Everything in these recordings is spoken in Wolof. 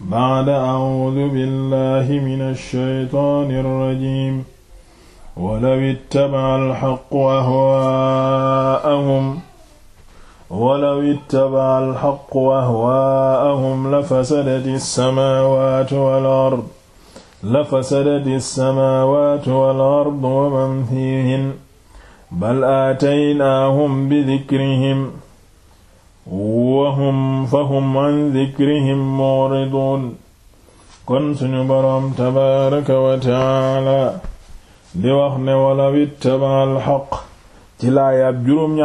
ba'da a'uudu billahi mina shaytaani rajiim walaw ittaba'a al-haqqu ahwaa'ahum walaw ittaba'a al-haqqu ahwaa'ahum lafasadati as-samaawaatu wal-ard lafasadati as-samaawaatu wal-ardu wa man fiihin bal aataynaahum bi dikrihim wahum fahum an dikrihim muridun kon suñu boroom tabaaraka wa taala di wax ne walaw ittaba alxaq ci laayaab juróom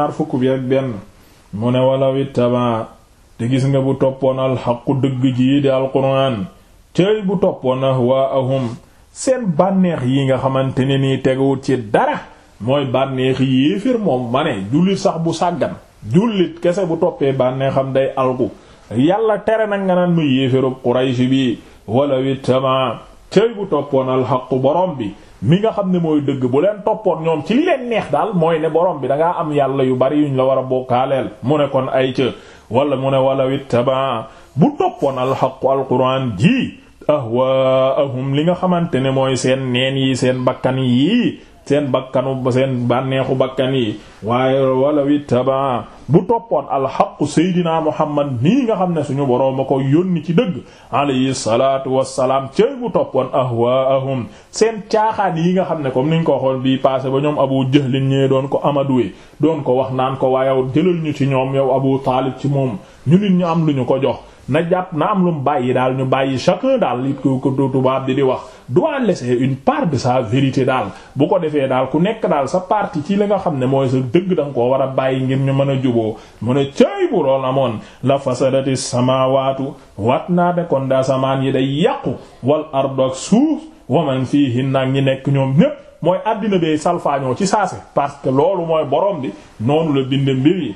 mu ne walaw ittaba te gis nga bu toppoon alxaqu dëgg ji di alquraan cëy bu toppoon ahwaahum seen bànneex yi nga xamante ne nii teguwut ci dara mooy bànneex yéefér moom ma ne jullit sax bu sàggan jullit kese bu toppee bànnee day alku yàlla tere nag nga naan muy yéeférub Quraysh bi wala wi tama bu toppoon alxaqu borom bi mi nga xam ne mooy dëgg bu leen toppoon ñoom ci leen neex daal mooy ne borom bi da ngaa am yàlla yu bari yu yuñ la war a bokkaaleel mu ne kon ay ca wala mu ne wala wi bu toppoon alxaqu alquran ji ahwaahum li nga xamante ne mooy seen neen yi seen bakkan yi seen bakkanu seen bànneexu bakkan yi waaye wala wi taba bu toppoon alxaqu seydina muhammad nii nga xam ne suñu boroom a ko yónni ci dëgg alayhi salaatu wassalaam cey bu toppoon ahwaahum seen caaxaan yi nga xam ne comme niñ ko waxoon bii passé ba ñoom abu ñu ñee doon ko amaduwe doon ko wax naan ko waaye yow jëlal ñu ci ñoom yow abu taalib ci moom ñu nit ñu am lu ñu ko jox na jàpp na am lu mu bàyyi daal ñu bàyyi chacun daal li ko ko tubaab bi di wax doit laisser une part de sa vérité daal bu ko defee daal ku nekk daal sa partie ci li nga xam ne mooy sa dëgg da nga koo war a bàyyi ngir ñu mën a juboo mu ne cëy bu lool amoon la fasadati samaawaatu wat naa de kon daa yi day yàqu wal ardu ak suuf wa man fiihinna ñi nekk ñoom ñépp mooy àddina bee salfaañoo ci saase parce que loolu mooy borom bi noonu la binde mbir yi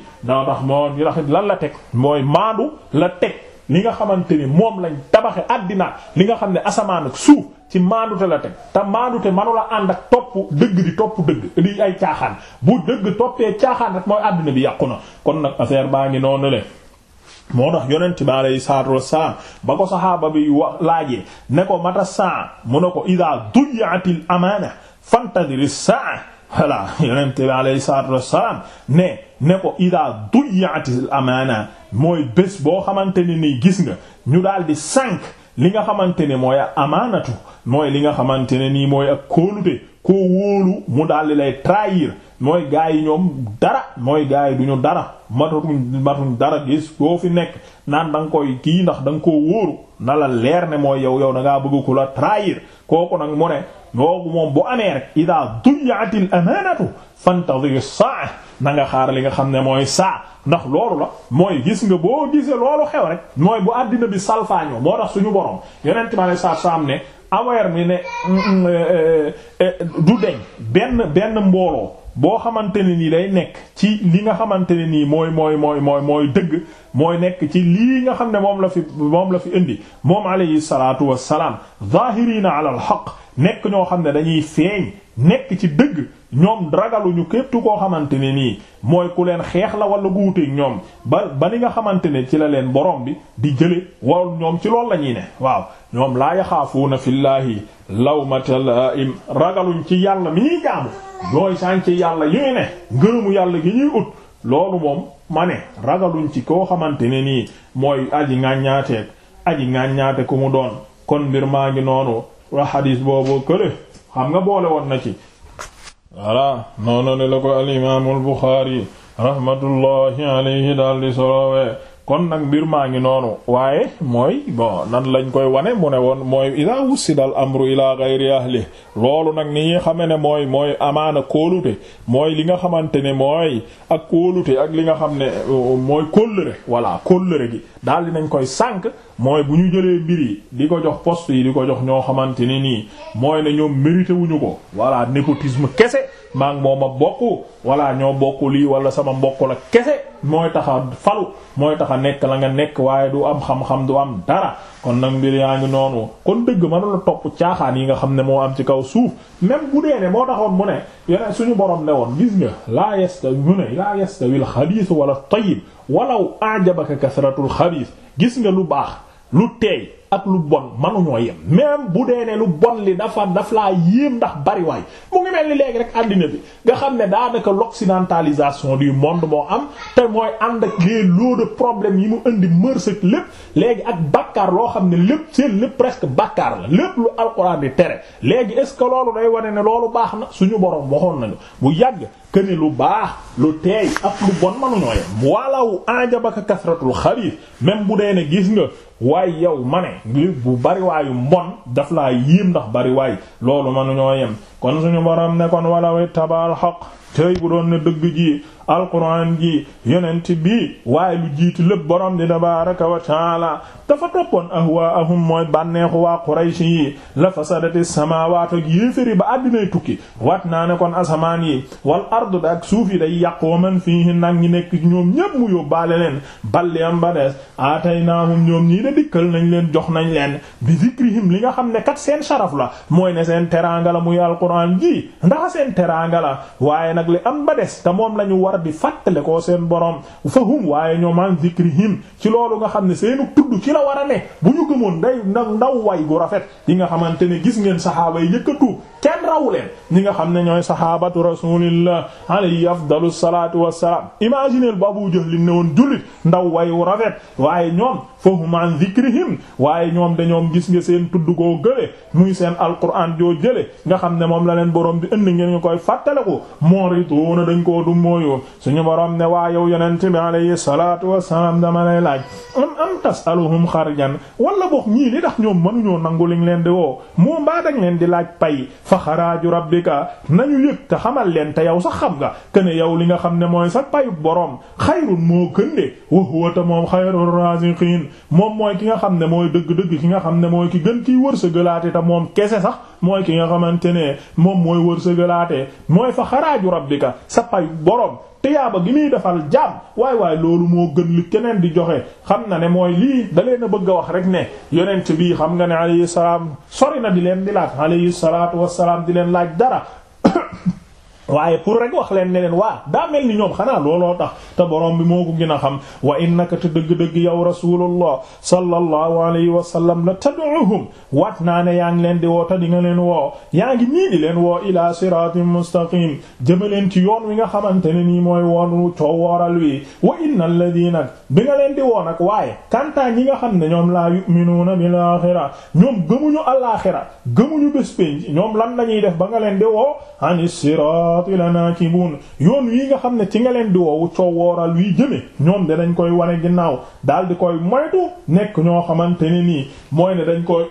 la teg mooy maandu la teg li nga xamante ni moom lañ tabaxe àddina li nga xam ne asamaan ak suuf ci maandute la teg te maandute manula ànd ak topp dëgg di topp dëgg lii ay caaxaan bu dëgg toppee caaxaan rek mooy àddina bi yàqu na kon nag affaire baa ngi noonu le moo tax yonent bi alayhi salaatu wassalaam ba ko saxaaba bi wax laajee ne ko mata saa mu ne ko idaa duyyaatil amaana fantadiri saa voilà yonent bi alayhi salaatu wassalaam ne ne ko ida duyyaatil amaana mooy bés boo xamante ne nii gis nga ñu daal di sànq li nga xamante ne mooy amaanatu mooy li nga xamante ne nii mooy ak kóolute koo wóolu mu daal di lay trahir mooy gaa yi ñoom dara mooy gaa yi du ñu dara matuñ matuñ dara gis koo fi nekk naan da nga koy kii ndax danga nga koo wóoru na la leer ne mooy yow yow dangaa ngaa bëgg ku la trahir kooku nag mu ne yoogu moom bu amee rek ida duyatil amaanatu fantadir saa na nga xaar li nga xam ne mooy saa ndax loolu la mooy gis nga boo gisee loolu xew rek mooy bu àddina bi salfaañoo moo tax suñu borom yonent ma ne saa saam ne aweer mi ne du deñ benn benn mbooloo boo xamante ne nii day nekk ci li nga xamante ne nii mooy mooy mooy mooy mooy dëgg mooy nekk ci lii nga xam ne moom la fi moom la fi indi moom alayhi salaatu wassalaam zaahiriina ala xaq nekk ñoo xam ne dañuy feeñ nekk ci dëgg ñoom ragaluñu képp koo xamante ne nii mooy ku leen xeex la wala guuteeg ñoom ba ba li nga xamante ne ci la leen borom bi di jële wal ñoom ci loolu la ñuy ne waaw ñoom laa yaxaafuuna fillaahi lawmata laa'im ragaluñ ci yàlla mi ñuy jaamu ñooy sànc yàlla yi ne ngërëmu yàlla gi ñuy ut loolu moom ma ne ragaluñ ci koo xamante ne nii mooy aji ŋàññaateeg aji ŋàññaate ko mu doon kon mbir maa ngi noonu wa xadiis boobu xam nga boole woon na ci voilà noonu ne la ko al imaamul Buxaari rahmatullahi alayhi daal di kon nag mbir maa ngi noonu waaye mooy bon nan lañ koy wane mu ne woon mooy ila wussidal amru ila ghayri ahli loolu nag ni ñuy xame ne mooy mooy amaana kóolute mooy li nga xamante ne mooy ak kóolute ak li nga xam ne uh, mooy kóllëre voilà kóllëre gi daal di nañ koy sànq mooy bu ñu jëlee mbir yi di ko jox poste yi di ko jox ñoo xamante ne nii mooy ne ñoom mérité wuñu ko voilà népotisme kese maa ngi moom a bokk walla ñoo bokku lii wala sama mbokk la kese mooy taxa falu mooy tax a nekk la nga nekk waaye du am xam-xam du am dara kon nag mbir yaa ngi noonu kon dëgg mënu la topp caaxaan yi nga xam ne moo am ci kaw suuf même bu dee ne moo taxoon mu ne suñu borom ne woon gis nga laa yesta mu ne laa yestawil xabiis wala tayyib walaw ajabaka kasratul xabiis gis nga lu baax lu teey ak lu bon manuñoo yem même bu dee ne lu bon li dafa daf laa yéem ndax bariwaay mu ngi mel ni léegi rek àddina bi nga xam ne daanaka l'occidentalisation du monde moo am te mooy ànd ak les lots yi mu indi mërsëg lépp léegi ak bàkkaar loo xam ne lépp seen lépp presque bàkkaar la lépp lu alxuraan di tere léegi est-ce que loolu day wane ne loolu baax na suñu borom waxoon nañu bu yàgg que ne lu baax lu teey ak lu bon manuñoo yem walaw ajabaka kasratul xarit même bu dee ne gis nga waaye yow ma ne ngir bu bariwaayu mbon daf laa ndox bari bariwaay loolu mënuñoo yem kon suñu borom ne kon walaw tabal xaq tey bu doon ne dëgg ji alquran ji yonent bi waaye lu jiitu lépp borom di tabaaraka wa taala dafa toppoon ahwaahum mooy banneexu waa Quraysh yi la fasadati samaawaat ak yéeféri ba àddinay tukki waat naa ne kon asamaan yi wal ardu ak suuf yi day yàq man fi nag ñi nekk ñoom ñëp mu yóbbaale leen balli am ba des aataynaahum ñoom ñii de dikkal nañ leen jox nañ leen bi zikrihim li nga xam ne kat seen saraf la mooy ne seen teraanga la muy alquran ji ndax nag li am ba des te moom la ñu war di fàttale koo seen borom fahum waaye ñoom an zikrihim ci loolu nga xam ne seenu tudd ci la war ne bu ñu gëmoon day ndaw way gu rafet yi nga xamante ne gis ngeen saxaaba yi yëkkatu kenn rawu leen ñi nga xam ne ñooy saxaabatu rasulillah alayhi afdalu salatu wassalam imaginer bu Abu Jahl ne woon jullit ndaw wayu rafet waaye ñoom fahum an zikrihim waaye ñoom de ñoom gis nga seen tudd koo gële muy seen alquran joo jële nga xam ne moom la leen borom bi ënd ngeen ñu mu'ridun dañ koo du mooyu suñu borom ne waa yow yonent bi alayhi salaatu wassalaam dama lay laaj am am tasaluhum xarjan wala boog ñii li tax ñoom mënuñoo nangu liñ leen di woo moo mbaa dañ leen di laaj pay fa xaraaju rabbika nañu yëg te xamal leen te yow sax xam nga kene yow li nga xam ne mooy sa payu borom xayrun moo gën de wa huwa ta moom xayrur raziqin moom mooy ki nga xam ne mooy dëgg-dëgg ki nga xam ne mooy ki moom kese sax mooy ki nga xamante ne moom mooy wërsëgalaate mooy fa xaraaju rabbika sa pay borom tiyaaba gi muy defal jaam waay waay loolu moo gën li keneen di joxe xam na ne mooy lii da leen a bëgg a wax rek ne yonent bii xam nga ne alayhi salaam sori na di leen di laaj alayhi salaatu wa salaam di leen laaj dara waaye pour rek wax leen ne leen waa daa mel ni ñoom xanaa looloo tax te borom bi moo ko gën a xam wa innaka te dëgg-dëgg yow rasulullah sallallahu alayhi wa sallam la tad'uhum waat naa ne yaa ngi leen di woo te di nga leen woo yaa ngi nii di leen woo ila siratin mustaqim jëma leen ci yoon wi nga xamante ne nii mooy woonu coo wooral wi wa inna alladina bi nga leen di woo nag waaye kantaa ñi nga xam ne ñoom la yu'minuuna bil axira ñoom gëmuñu al axira gëmuñu bés pénc ñoom lan lañuy def ba nga leen di woo ani siraati lanaakibuun yoon wi nga xam ne ci nga di woowu coow wooral wi jëme ñoom de dañ koy wane ginnaaw daal di koy moytu nekk ñoo xamante ne nii mooy dañ koy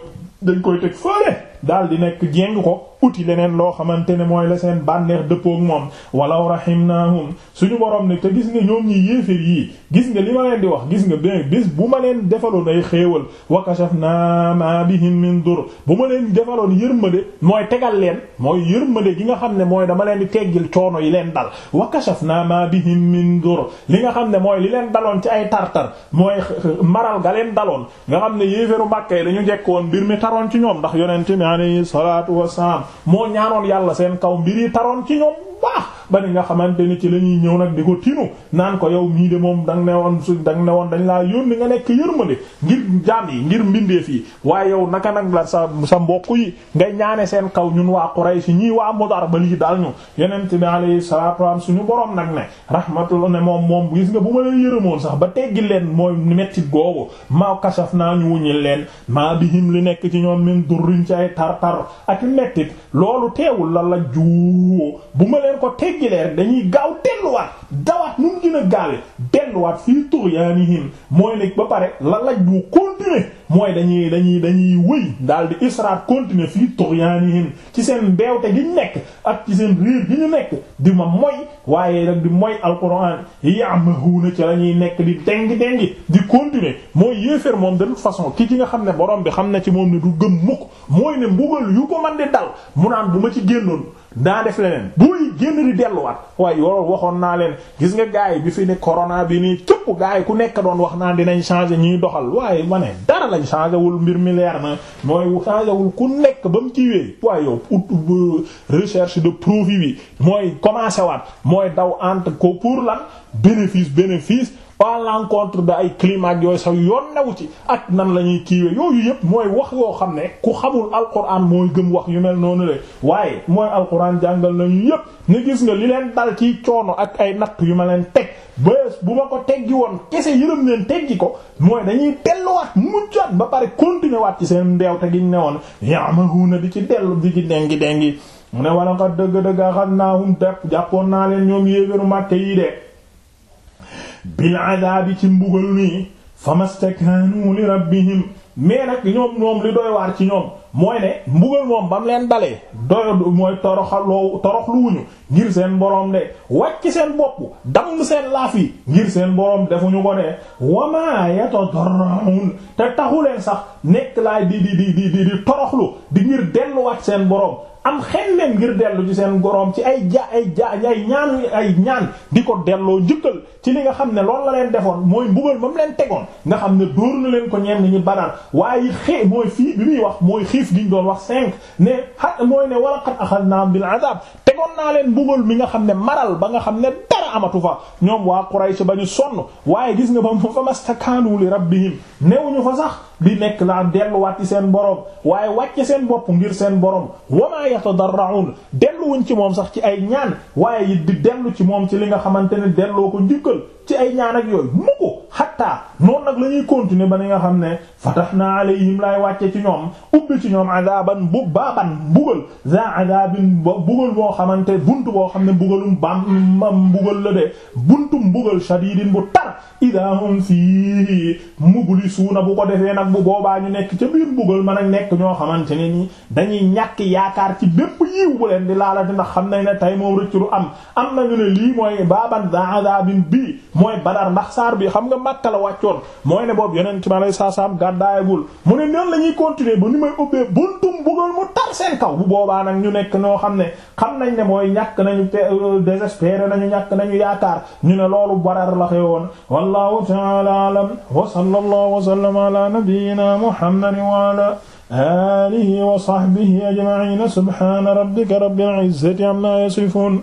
dañ koy teg fële daal di nekk jéng ko uti leneen loo xamante ne mooy la seen bànneex dëppook moom walaw rahimnahum suñu boroom ne te gis nga ñoom ñi yéeféer yii gis nga li ma leen di wax gis nga bien bis bu ma leen defaloon ay xéewal wa kashafna ma bihim min dur bu ma leen defaloon yërmande mooy tegal leen mooy yërmande gi nga xam ne mooy dama leen di teggil coono yi leen dal wa naa ma bihim min dur li nga xam ne mooy li leen daloon ci ay tartar mooy maral ga leen daloon nga xam ne yéeféeru Makka yi dañu njekkoon mbir mi taroon ci ñoom ndax yonente moo ñaanoon yàlla seen kaw mbir yi taroon ci baax ba ni nga xamante ni ci la ñuy ñëw nag di ko tinu naan ko yow mii de moom danga ne woon su danga ne woon dañ laa yónni nga nekk yërmande ngir jaam yi ngir mbindeef yi waaye yow naka nag la sa sa mbokk yi ngay ñaane seen kaw ñun waa Quraysh ñii waa Mudar ba lii daal ñu yenente bi alayhi salatu wasallam suñu borom nag ne rahmatul ne moom moom gis nga bu ma leen yërëmoon sax ba teggi leen mooy metti googu maa kasaf naa ñu wuñil leen maa bihim li nekk ci ñoom min durriñ ci ay tar tar ak mettit loolu la la juu leen ko teggilee rek dañuy gaaw delluwaat dawaat nu mu gën a gaawe delluwaat fii tughyanihim mooy nekk ba pare la laj bu continuer mooy dañuy dañuy dañuy wëy daal di israat continuer fii tughyanihim ci seen mbeewte gi ñu nekk ak ci seen réer gi ñu nekk di ma moy waaye rek di moy alquran ya'mahuna ci la ñuy nekk di dengi dengi di continuer mooy yéeféer moom de façon ki ki nga xam ne borom bi xam na ci moom ne du gëm mukk mooy ne mbugal yu ko man di dal mu am bu ma ci génnoon daa def leneen buy delluwaat gis nga gars bi fi ne corona bi nii cëpp gars yi ku nekk doon wax naa dinañ changer ñuy doxal waaye ma ne dara lañ changer wul mbir mi leer na mooy changer wul ku nekk ba mu kiiwee waaye yow ut euh, recherche de profit bi mooy commencer waat mooy daw entre ko pour la bénéfice bénéfice. à l'encontre de ay climat yooyu sax yoon newu ci ak nan la ñuy kiiwee yooyu yëpp mooy wax yoo xam ne ku xamul alquran mooy gëm wax yu mel noonu le waaye mooy alquran jàngal nañu yëpp ni gis nga li leen dal ci coono ak ay natt yu ma leen teg bés bu ma ko teggi woon kese yërëm leen teggi ko mooy dañuy delluwaat mujjaat ba pare continuer waat ci seen ndeew te giñ newoon na di ci dellu di ci dengi dengi mu ne wala nga dëgg-dëgg xam naa hum jàppoon naa leen ñoom yéegaru màkke yi bil adaabi ci mbugal nii famastakanu li rabbihim mais nag ñoom ñoom li doy waar ci ñoom mooy ne mbugal moom ba mu leen dalee doy mooy toroxaloo toroxluwuñu ngir seen boroom de wàcc seen bopp dam seen laaf yi ngir seen boroom ñu ko de wama yatadarraun te taxu leen sax nekk laay di di di di di toroxlu di ngir delluwaat seen boroom am leen ngir dellu ci seen goroom ci ay ja ay ja ay ñaan ay ñaan di ko delloo njëkkal ci li nga xam ne loolu la leen defoon mooy mbugal ma mu leen tegoon nga xam ne dóor na leen ko ñenn ñi banaan waaye xee mooy fii bi muy wax mooy xiif gi ñu doon wax cinq ne xat mooy ne walaqad axadnaahum bil adab tegoon naa leen mbugal mi nga xam ne maral ba nga xam ne dara amatu fa ñoom waa Quraysh ba ñu sonn waaye gis nga ba mu fa mastakaanu li rabbihim newuñu fa sax di nekk laa delluwaat ci seen borom waaye wàcce seen bopp ngir seen borom wamaa yatadarraun delluwuñ ci moom sax ci ay ñaan waaye it di dellu ci moom ci li nga xamante ne delloo ko njukkal ci ay ñaan ak yooyu mu ko xatta noonu nag la ñuy continuer ba ni nga xam ne fatahna alayhim laay wàcce ci ñoom ubbi ci ñoom adaban bu baaban mbugal za adabin mbugal boo xamante buntu boo xam ne mbugalum bam mbugal la de buntu mbugal shadidin bu tar idahum fii mublisuuna bu ko defee nag bu boobaa ñu nekk ca biir mbugal mën a nekk ñoo xamante ne ni dañuy ñàkk yaakaar ci bépp yiw bu leen di laala dina xam nañ ne tay moom rëcc lu am am nañu ne lii mooy baaban za adabin bii mooy Badar ndax saar bi xam nga Makka la wàccoon mooy ne boobu yonent mi alayhi salaam gàddaayagul mu ne noonu la ñuy continuer ba may ubbee buntum bëggoon mu tar seen kaw bu boobaa nag ñu nekk ñoo xam ne xam nañ ne mooy ñàkk nañu euh, désespéré nañu ñàkk nañu yaakaar ñu ne loolu Badar la xewoon wallahu ta'ala a'lam wa sallallahu wa sallama ala nabiyyina muhammadin wa ala alihi wa sahbihi ajma'in subhana rabbika rabbil izzati amma yasifun